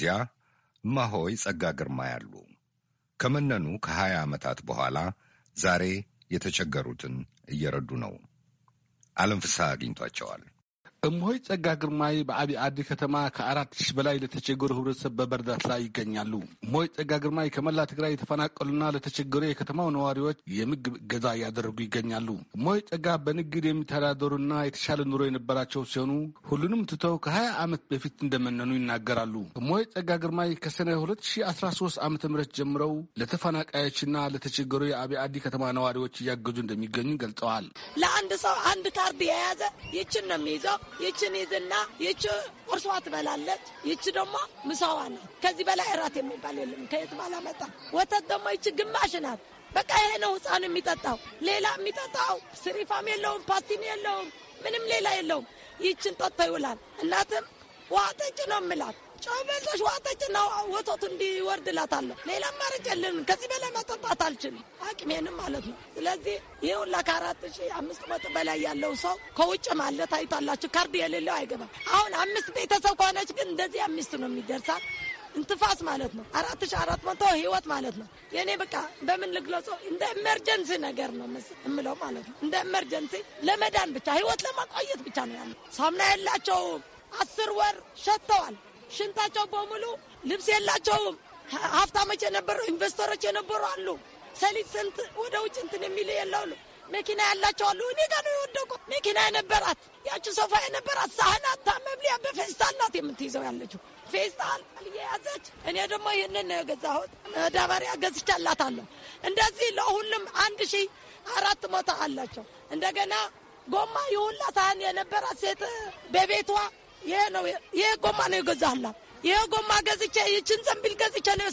ከዚያ ማሆይ ጸጋ ግርማ ያሉ ከመነኑ ከሀያ ዓመታት በኋላ ዛሬ የተቸገሩትን እየረዱ ነው። አለም ፍስሐ አግኝቷቸዋል። እምሆይ ጸጋ ግርማይ በአብይ ዓዲ ከተማ ከአራት ሺህ በላይ ለተቸገሩ ህብረተሰብ በመርዳት ላይ ይገኛሉ። እምሆይ ጸጋ ግርማይ ከመላ ትግራይ የተፈናቀሉና ለተቸገሩ የከተማው ነዋሪዎች የምግብ እገዛ እያደረጉ ይገኛሉ። እምሆይ ጸጋ በንግድ የሚተዳደሩና የተሻለ ኑሮ የነበራቸው ሲሆኑ ሁሉንም ትተው ከ20 ዓመት በፊት እንደመነኑ ይናገራሉ። እምሆይ ጸጋ ግርማይ ከሰነ 2013 ዓ ም ጀምረው ለተፈናቃዮችና ለተቸገሩ የአብይ አዲ ከተማ ነዋሪዎች እያገዙ እንደሚገኙ ገልጸዋል። ለአንድ ሰው አንድ ካርድ የያዘ ይችን ነው የሚይዘው ይችን ይዝና ይች ቁርሷ ትበላለች፣ ይች ደግሞ ምሳዋ ነው። ከዚህ በላይ እራት የሚባል የለም። ከየት ባላመጣ ወተት ደግሞ ይች ግማሽ ናት። በቃ ይሄ ነው ህፃኑ የሚጠጣው። ሌላ የሚጠጣው ስሪፋም የለውም፣ ፓስቲም የለውም፣ ምንም ሌላ የለውም። ይችን ጠጥቶ ይውላል። እናትም ውሃ ጠጭ ነው ምላት ጨው በልቶሽ ውሃ ጠጭና ወተቱ እንዲወርድ ሌላ አማራጭ ከዚህ በላይ መጠጣት አልችልም፣ አቅሜንም ማለት ነው። ስለዚህ ይህ ሁላ ከአራት ሺ አምስት መቶ በላይ ያለው ሰው ከውጭ ማለ ታይቷላችሁ። ካርድ የሌለው አይገባም። አሁን አምስት ቤተሰብ ከሆነች ግን እንደዚህ አምስት ነው የሚደርሳል እንትፋስ ማለት ነው። አራት ሺ አራት መቶ ህይወት ማለት ነው። የእኔ በቃ በምን ልግለጾ እንደ ኤመርጀንሲ ነገር ነው የምለው ማለት ነው። እንደ ኤመርጀንሲ ለመዳን ብቻ ህይወት ለማቆየት ብቻ ነው ያለ ሳምና የላቸው አስር ወር ሸጥተዋል። ሽንታቸው በሙሉ ልብስ የላቸውም። ሀብታሞች የነበሩ ኢንቨስተሮች የነበሩ አሉ። ሰሊጥ ስንት ወደ ውጭ እንትን የሚል የለውሉ መኪና ያላቸው አሉ። እኔ ጋር ነው የወደቁ። መኪና የነበራት ያቺ ሶፋ የነበራት ሳህናታ መብሊያ በፌስታል ናት የምትይዘው ያለችው ፌስታል እየያዘች እኔ ደግሞ ይህንን ነው የገዛሁት። ዳበሪያ ገዝቻላታለሁ። እንደዚህ ለሁሉም አንድ ሺ አራት መቶ አላቸው። እንደገና ጎማ የሁላ ሳህን የነበራት ሴት በቤቷ ይሄ ነው ይሄ ጎማ ነው የገዛህላት ይሄ ጎማ ገዝቼ ይችን ዘንቢል ገዝቼ ነው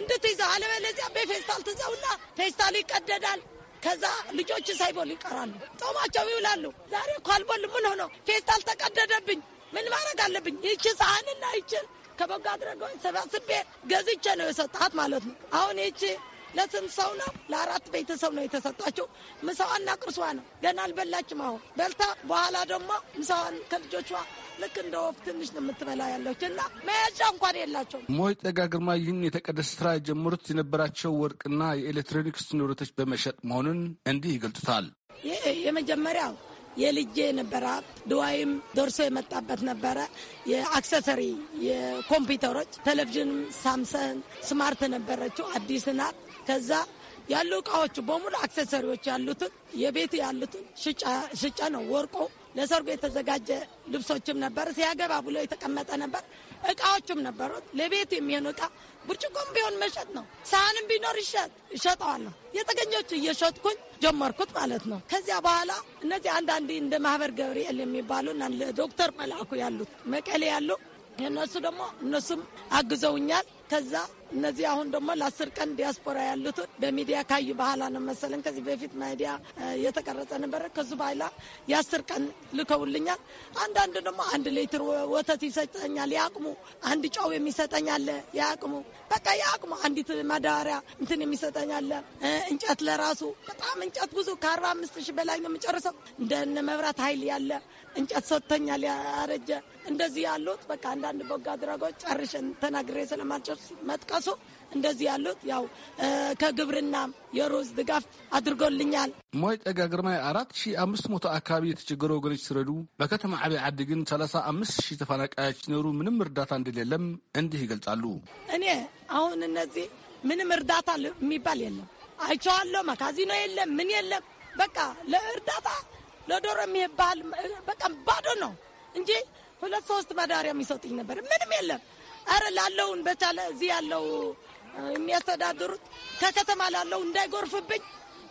እንድት ይዘ አለበለዚያ በፌስታል ትዘውና ፌስታል ይቀደዳል። ከዛ ልጆች ሳይበሉ ይቀራሉ፣ ጦማቸው ይውላሉ። ዛሬ እኮ ምን ሆኖ ፌስታል ተቀደደብኝ። ምን ማድረግ አለብኝ? ይቺ ሰሀንና ይችን ከበጎ አድረገው ሰባስቤ ገዝቼ ነው የሰጣት ማለት ነው። አሁን ይቺ ለስንት ሰው ነው? ለአራት ቤተሰብ ነው የተሰጣቸው። ምሳዋና ቅርሷ ነው። ገና አልበላችም። አሁን በልታ በኋላ ደግሞ ምሳዋን ከልጆቿ ልክ እንደ ወፍ ትንሽ ነው የምትበላ ያለች እና መያዣ እንኳን የላቸውም። ሞይ ጠጋ ግርማ ይህን የተቀደሰ ስራ የጀመሩት የነበራቸው ወርቅና የኤሌክትሮኒክስ ንብረቶች በመሸጥ መሆኑን እንዲህ ይገልጡታል። ይህ የመጀመሪያው የልጄ ነበረ። ድዋይም ደርሶ የመጣበት ነበረ። የአክሰሰሪ የኮምፒውተሮች፣ ቴሌቪዥንም ሳምሰን ስማርት ነበረችው አዲስ ናት። ከዛ ያሉ እቃዎቹ በሙሉ አክሰሰሪዎች ያሉትን የቤት ያሉትን ሽጫ ነው። ወርቆ ለሰርጉ የተዘጋጀ ልብሶችም ነበር፣ ሲያገባ ብሎ የተቀመጠ ነበር። እቃዎቹም ነበሩት። ለቤት የሚሆን እቃ ብርጭቆም ቢሆን መሸጥ ነው። ሳህንም ቢኖር ይሸጥ እሸጠዋለሁ። የተገኘች እየሸጥኩኝ ጀመርኩት ማለት ነው። ከዚያ በኋላ እነዚህ አንዳንድ እንደ ማህበር ገብርኤል የሚባሉ ዶክተር መላኩ ያሉት መቀሌ ያሉ እነሱ ደግሞ እነሱም አግዘውኛል። ከዛ እነዚህ አሁን ደግሞ ለአስር ቀን ዲያስፖራ ያሉትን በሚዲያ ካዩ በኋላ ነው መሰለን ከዚህ በፊት ሚዲያ የተቀረጸ ነበረ። ከሱ በኋላ የአስር ቀን ልከውልኛል። አንዳንድ ደግሞ አንድ ሌትር ወተት ይሰጠኛል፣ የአቅሙ አንድ ጨው የሚሰጠኛለ የአቅሙ በቃ የአቅሙ አንዲት ማዳበሪያ እንትን የሚሰጠኛለ እንጨት ለራሱ በጣም እንጨት ብዙ ከአርባ አምስት ሺህ በላይ ነው የምጨርሰው። እንደነ መብራት ኃይል ያለ እንጨት ሰጥተኛል ያረጀ እንደዚህ ያሉት በቃ አንዳንድ በጎ አድራጎት ጨርሸን ተናግሬ ስለማልጨር መጥቀሱ እንደዚህ ያሉት ያው ከግብርና የሩዝ ድጋፍ አድርጎልኛል። ሞይ ጠጋ ግርማይ አራት ሺ አምስት መቶ አካባቢ የተቸገሩ ወገኖች ሲረዱ በከተማ ዓብይ ዓዲ ግን ሰላሳ አምስት ሺህ ተፈናቃዮች ሲኖሩ ምንም እርዳታ እንደሌለም እንዲህ ይገልጻሉ። እኔ አሁን እነዚህ ምንም እርዳታ የሚባል የለም አይቼዋለሁ። መካዚኖ የለም፣ ምን የለም። በቃ ለእርዳታ ለዶሮ የሚባል በቃ ባዶ ነው እንጂ ሁለት ሶስት መዳሪያ የሚሰጥኝ ነበር። ምንም የለም። አረ ላለውን በቻለ እዚህ ያለው የሚያስተዳድሩት ከከተማ ላለው እንዳይጎርፍብኝ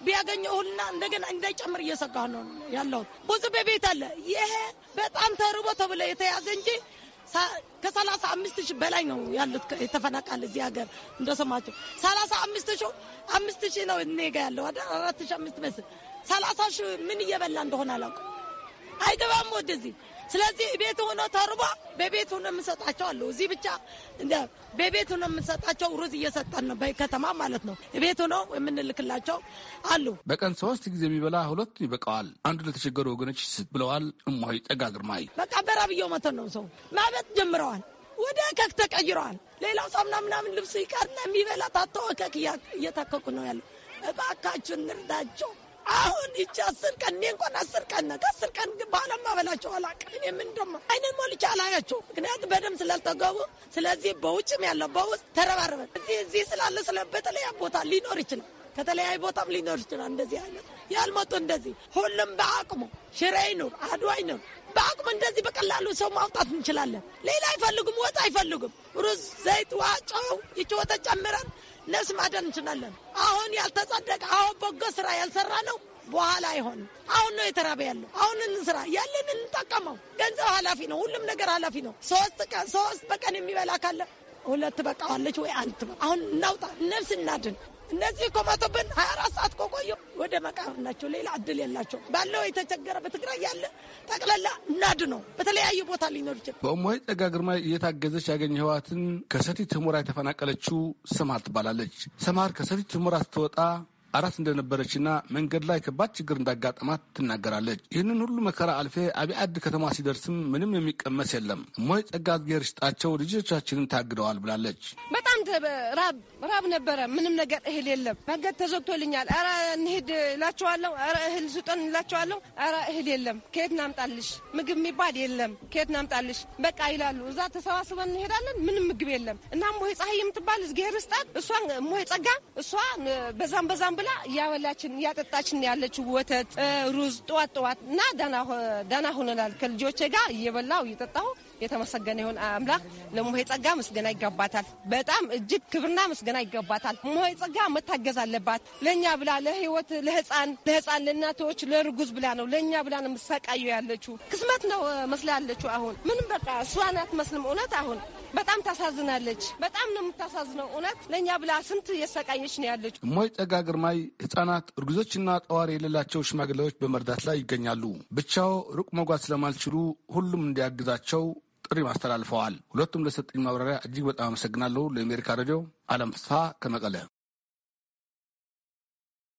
ቢያገኘሁና እንደገና እንዳይጨምር እየሰጋሁ ነው ያለው። ብዙ በቤት አለ። ይሄ በጣም ተርቦ ተብሎ የተያዘ እንጂ ከሰላሳ አምስት ሺህ በላይ ነው ያሉት የተፈናቃል እዚህ ሀገር እንደሰማቸው ሰላሳ አምስት ሺህ አምስት ሺህ ነው እኔ ጋ ያለው አራት ሺህ አምስት መስል ሰላሳ ሺህ ምን እየበላ እንደሆነ አላውቅም። አይገባም ወደዚህ ስለዚህ ቤት ሆኖ ተርቦ በቤት ሆኖ የምንሰጣቸው አለ እዚህ ብቻ በቤት ሆኖ የምንሰጣቸው ሩዝ እየሰጠን ነው፣ በከተማ ማለት ነው። ቤት ሆኖ የምንልክላቸው አሉ። በቀን ሶስት ጊዜ የሚበላ ሁለቱ ይበቃዋል፣ አንዱ ለተቸገሩ ወገኖች ይስጥ ብለዋል እማዊ ጸጋ ግርማይ። በቃ በራብየው መተን ነው ሰው ማበት ጀምረዋል። ወደ እከክ ተቀይረዋል። ሌላው ሳምና ምናምን ልብስ ይቀርና የሚበላ ታተው እከክ እየታከቁ ነው ያለው። እባካችሁ እንርዳቸው። አሁን ይቺ አስር ቀን እኔ እንኳን አስር ቀን ከአስር ቀን በኋላ ማበላቸው አላውቅም። እኔ ምን ደሞ አይነት ሞልቼ አላያቸው፣ ምክንያቱ በደምብ ስላልተገቡ። ስለዚህ በውጭም ያለው በውስጥ ተረባረበ እዚህ እዚህ ስላለ ስለ በተለያ ቦታ ሊኖር ይችላል ከተለያዩ ቦታም ሊኖር ይችላል። እንደዚህ አይነት ያልመጡ እንደዚህ ሁሉም በአቅሙ ሽሬ ይኑር አድዋ ይኑር በአቅሙ እንደዚህ በቀላሉ ሰው ማውጣት እንችላለን። ሌላ አይፈልጉም፣ ወጥ አይፈልጉም፣ ሩዝ፣ ዘይት፣ ዋጮው ይች ወተት ጨምረን ነፍስ ማደን እንችላለን። አሁን ያልተጸደቀ አሁን በጎ ስራ ያልሰራ ነው በኋላ አይሆንም። አሁን ነው የተራበ ያለው። አሁን እንስራ ያለን እንጠቀመው። ገንዘብ ኃላፊ ነው። ሁሉም ነገር ኃላፊ ነው። ሶስት ቀን ሶስት በቀን የሚበላ ካለ ሁለት በቃዋለች ወይ አንድ አሁን እናውጣ፣ ነፍስ እናድን። እነዚህ እኮ መቶብን ሀያ አራት ሰዓት ከቆዩ ወደ መቃብር ናቸው። ሌላ እድል የላቸው ባለው የተቸገረ በትግራይ ያለ ጠቅላላ እናድ ነው በተለያዩ ቦታ ሊኖር ይችላል። በእሙይ ጸጋ ግርማ እየታገዘች ያገኘ ህዋትን ከሰቲት ሁመራ የተፈናቀለችው ሰማር ትባላለች። ሰማር ከሰቲት ሁመራ ስትወጣ አራት እንደነበረችና መንገድ ላይ ከባድ ችግር እንዳጋጠማት ትናገራለች። ይህንን ሁሉ መከራ አልፌ አብአድ ከተማ ሲደርስም ምንም የሚቀመስ የለም። ሞይ ጸጋ ጌር ሽጣቸው ልጆቻችንን ታግደዋል ብላለች። በጣም ራብ ነበረ። ምንም ነገር እህል የለም። መንገድ ተዘግቶልኛል። ኧረ እንሂድ እላቸዋለሁ። ኧረ እህል ስጠን እላቸዋለሁ። ኧረ እህል የለም። ከየት ናምጣልሽ? ምግብ የሚባል የለም። ከየት ናምጣልሽ? በቃ ይላሉ። እዛ ተሰባስበን እንሄዳለን። ምንም ምግብ የለም እና ሞይ ፀሐይ የምትባል ጌር ስጣት እሷ ሞይ ጸጋ እሷ በዛም በዛም ብላ እያበላችን እያጠጣችን ያለችው ወተት፣ ሩዝ ጠዋት ጠዋት እና ደህና ሆነናል። ከልጆቼ ጋር እየበላው እየጠጣሁ የተመሰገነ ይሁን አምላክ። ለሞሄ ጸጋ ምስገና ይገባታል። በጣም እጅግ ክብርና ምስገና ይገባታል። ሞሄ ጸጋ መታገዝ አለባት። ለእኛ ብላ ለህይወት ለህፃን ለህፃን ለእናቶች ለርጉዝ ብላ ነው ለእኛ ብላ ነው የምትሰቃየው ያለችው። ክስመት ነው ያለችው አሁን ምንም በቃ እሷ ናት መስልም እውነት አሁን በጣም ታሳዝናለች። በጣም ነው የምታሳዝነው። እውነት ለእኛ ብላ ስንት የሰቃየች ነው ያለች። እማሆይ ጸጋ ግርማይ ህጻናት፣ እርጉዞችና ጠዋሪ የሌላቸው ሽማግሌዎች በመርዳት ላይ ይገኛሉ። ብቻው ሩቅ መጓዝ ስለማልችሉ ሁሉም እንዲያግዛቸው ጥሪ ማስተላልፈዋል። ሁለቱም ለሰጠኝ ማብራሪያ እጅግ በጣም አመሰግናለሁ። ለአሜሪካ ሬዲዮ አለም ፍስሀ ከመቀለ